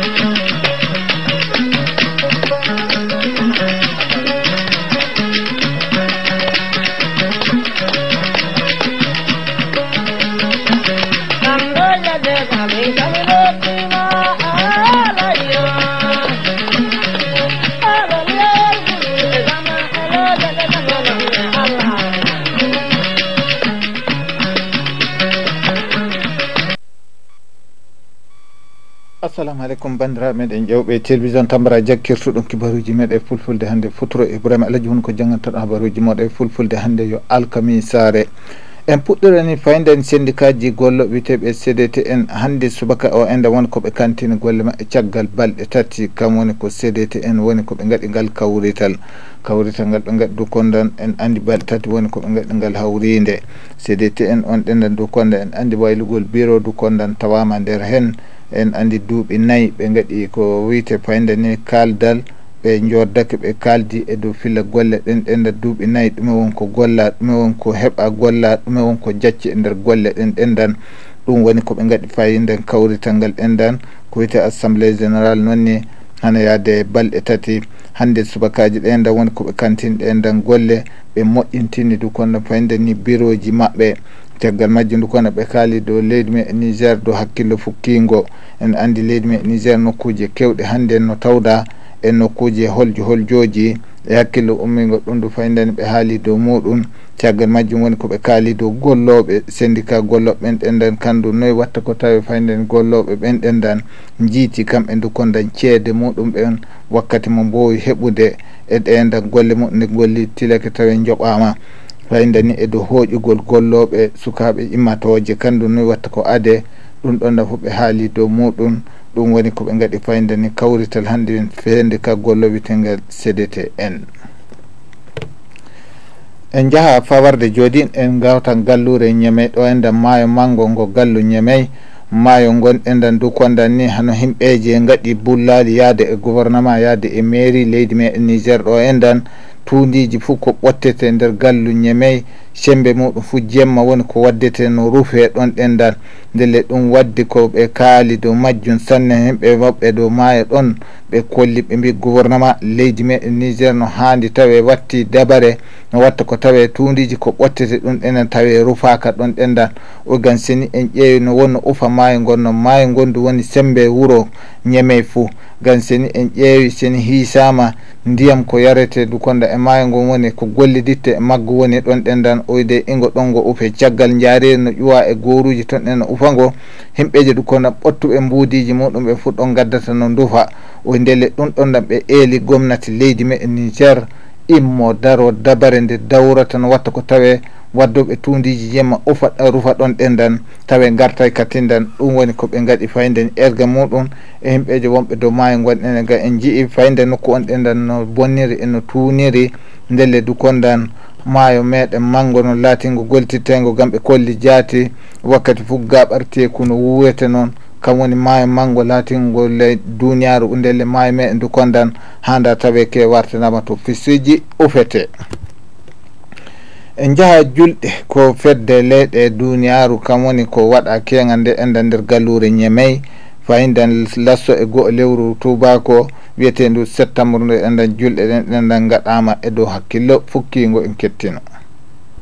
Come on, let me come assalamu aleykum bandira meɗen ƴewɓe télévision tambara jakkirtuɗum kibaruji meɗe fulfulde hannde futuro ibrahima alaji hunko jangantaɗo habaruji moɗe fulfulde hannde yo alkami saare en puɗɗirani fayiden syndicat ji gollo witeɓe cdt en hannde subaka o ende won koɓe kantine golle maɓɓe caggal balɗe tati kam woni ko cdt en woni koɓe gaɗi ngal kawrital kawrital ngal ɓe gaɗi dukondan en andi balɗe tati woni koɓe gaɗi ngal hawride cdt en on ɗenɗan dukonda en andi waylugol bureau dukondan tawama nder hen en andi duuɓi nayi ɓe gaɗi ko wiyte payde ni kaaldal ɓe jordake ɓe kaaldi e dow filla golle ɗen ɗenda duuɓi nayi ɗume wonko golla ɗume wonko heɓa golla ɗume wonko jacci e nder golle ɗen ɗendan ɗum woni koɓe gaɗi fayinden kawrital ngal ɗendan ko wiyte assemblé général noonni hana yaade balɗe tati hande subakaji ɗenda woni koɓe kantin ɗendan golle ɓe moƴƴintini du konno payde ni bureau ji maɓɓe caggal majji ndu kono ɓe kaali dow leydi me e nigér dow hakkille fukkingo en andi leydi me e nigér nokkuji kewɗe hannde no tawda e nokkuji holjo holjoji e hakkille ummingo ɗum ndu faydani ɓe haali dow muɗum caggal majjum woni koɓe kaali dow golloɓe syndicat golloɓe ɓenɗendan kandu noyi watta ko tawi faydani golloɓe ɓenɗendan jiiti kamɓe ndukondan ceede muɗum ɓen wakkati mo mbowi heɓude e ɗendan golle muɗum nde golli tilake tawi joɓama fayda ni e dow hooƴugol gollooɓe sukaaɓe immatooje kannndum noi watta ko ade ɗum ɗon na fof ɓe haali dow muɗum ɗum woni ko ɓe ngaɗi fayda ni kawrital hannde en feende ka golloowitengel cdte en en njaha fawarde jooɗi en gawtan gallure ñemey ɗo enndan maayo manngo ngo gallu ñemey maayo ngon enndan du kondan ni hano himɓeeje ngaɗi bullaali yahde e gouvernement yahde e mairie leydi me en niger ɗo enndan tuundiiji fuu ko ɓottete nder gallu ñemey sembe muɗum fu jemma woni ko waddete no rufe ɗon ɗendan ndele ɗum waddi ko ɓe kaali dow majjum sanne hemɓe woɓɓe dow maayo ɗon ɓe kolli ɓe mbi gouvernement leydi meɗen niger no haandi tawe watti dabare no watta ko tawe tuundiji ko ɓottete ɗum ɗenen tawe rufaka ɗon ɗendan ogan seni en ƴeewi no wonno ufa maayo gonno maayo gondu woni sembe wuro ñeme fuu gan seni en ƴeewi seni hiisama ndiyam ko yarete dukonda e maayo ngon woni ko golliditte e maggo woni ɗon ɗendan oyde ingo e ɗongo upe caggal jaarir no ƴuwa e goruji ton ɗen no ufa ngo himɓeji ɗukkona ɓottuɓe mbuudiji muɗum ɓe fuɗ ɗon gaddata no ndufa oy ndele ɗum ɗon ɗam ɓe eeli gomnati leydi me e niger immo daro dabare nde dawrata no watta ko tawe waddoɓe tundiji yemma ufa rufa ɗon ɗen dan tawe garta e kattindan ɗum woni koɓe gaɗi fayden erga muɗum e himɓeji wonɓe dow maayo gonɗen ga en jii fayde nokku on ɗen dan no bonniri e no tuuniri ndelle dukondan maayo meɗen maggo noon laatingo goltirtengo gam ɓe kolli jaati wakkati fof gaɓarteku no wuwete noon kam woni maayo maggo laatingol duniyaru ndelle maayo meɗen dukondan hada tawe ke wartanama to fisiji ufete en jaha julɗe ko fedde leyɗe duniyaru kam woni ko waɗa kegal nde enda nder gallure ñemeyi fayidan lasso e goho lewru tubako wiyetendu septembre ndu enɗen julɗe ɗen e ɗenɗen gaɗama e dow hakkillo fukkingo en kettino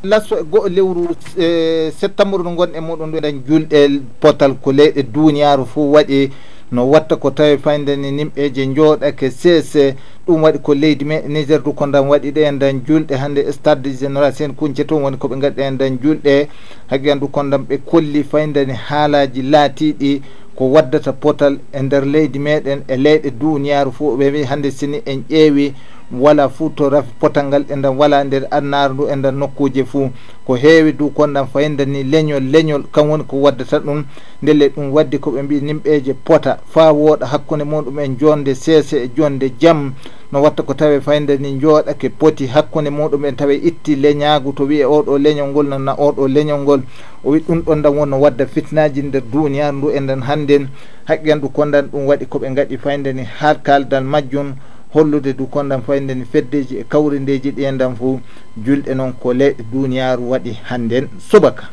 lasso e goho lewru e, septembre ndu gonɗe muɗum ndu eɗen julɗe potal ko leyɗe duniyaru fo waɗi no watta ko tawi fayndeni nimɓeje jooɗake sese ɗum waɗi ko leydi me niger du ko ndan waɗi ɗe e nden julɗe hannde stade général sen kunce toon woni koɓe gaɗɗe nden julɗe hagi andu ko ndan ɓe kolli fayndeni haalaji laatiɗi ko waddata potal e nder leydi meɗen e leyɗe duniyaru fo ɓe wi hande sini en ƴeewi wala fuu to raf potal ngal enɗan wala nder annaru ndu e nder nokkuji fuu ko heewi du konɗan fayinda ni leñol leñol kam woni ko waddata ɗum ndele ɗum waddi ko ɓe mbi nimɓeje pota fa wooɗa hakkunde muɗum en jonde seese e jonde jam no watta ko tawe fayde ni jooɗake poti hakkunde muɗum en tawe itti leñagu to wiye oɗo leñol ngol nana oɗo leñol ngol o wi ɗum ɗon dan wonno wadda fitnaji nder duniyaru ndu enen hannden haqqi andu kondan ɗum waɗi koɓe gaɗi fayde ni har kaldal majjum hollude du kondan fayde ni feddeji e kawrindeji ɗi endan fo julɗe noon ko leyɗe duniyaru waɗi hannden subaka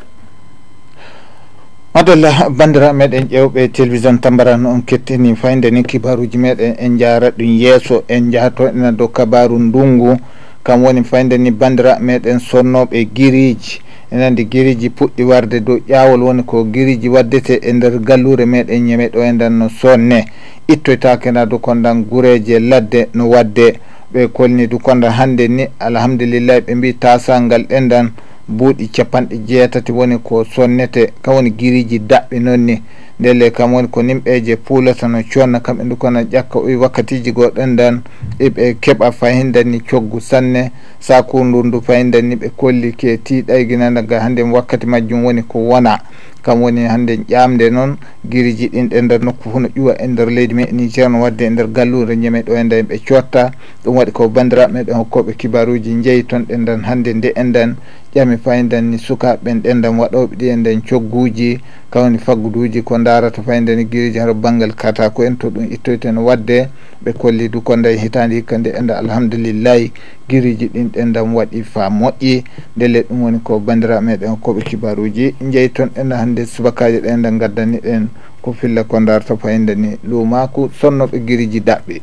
adolla bandiraɓe meɗen ƴewɓe télévision tambara noon kettini fayde ni kibaruji meɗen en jara ɗum yesso en jahato ena dow kabaru ndungu kam woni fayde ni bandiraɓe meɗen sonnoɓe guiriji ene andi guiriji puɗɗi warde dow ƴawol woni ko guiriji waddete e nder gallure meɗen ñameɗo e nden no sonne ittoytakena do kondan gureje ladde no wadde ɓe kolni du kondan hande ni alhamdulillah ɓe mbi tasa ngal ɓendan buuɗi capanɗe jeetati woni ko sonnete kawoni giriji daɓɓi noon ni ndele kam woni ko nimɓeje puulata no conna kamɓe ndu kono ƴakka oyi wakkatiji goɗon dan eɓe keɓa fayidanni coggu sanne sakundu ndu fayidanni ɓe kolli ke tiiɗayginanaga hannde wakkati majjum woni ko wona kam woni hannde ƴamde noon giriji ɗinɗe nder nokku fu no ƴuwa e nder leydi me niger no wadde e nder gallure ñeme ɗo e nden ɓe cotta ɗum waɗi ko bandiraɓe meɗen hokkoɓe kibaruji jeeyi toon ɗe ndan hannde nde en dan ƴami fayndan ni sukaɓeɓen ɗenɗan waɗoɓe ɗi e nden cogguji kawni fagguduji ko darata fayndan ni guiriji haro banggal kata ko en to ɗum ittoyten wadde ɓe kolli du ko nden hitande hikka nde enda alhamdulillahi guiriji ɗin ɗenɗan waɗi fa moƴƴi ndele ɗum woni ko bandira meɗen koɓe kibaruji jeey toon ena hannde subakaji ɗenɗa gaddani ɗen ko filla ko darata fayndani luumaku sonnoɓe guiriji daɓɓe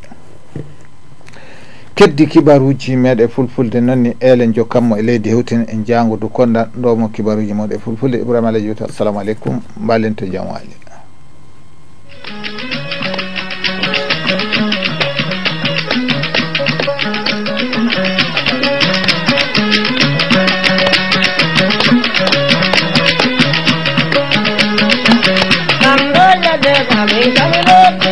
keddi kibaruji meɗe fulfulde noonni elen jokkanmo e leydi hewtin en jangudu konda ɗomo kibaruji moɗe fulfulde ibrahima alah jewta assalamu aleykum mbalen to jam wali Thank you.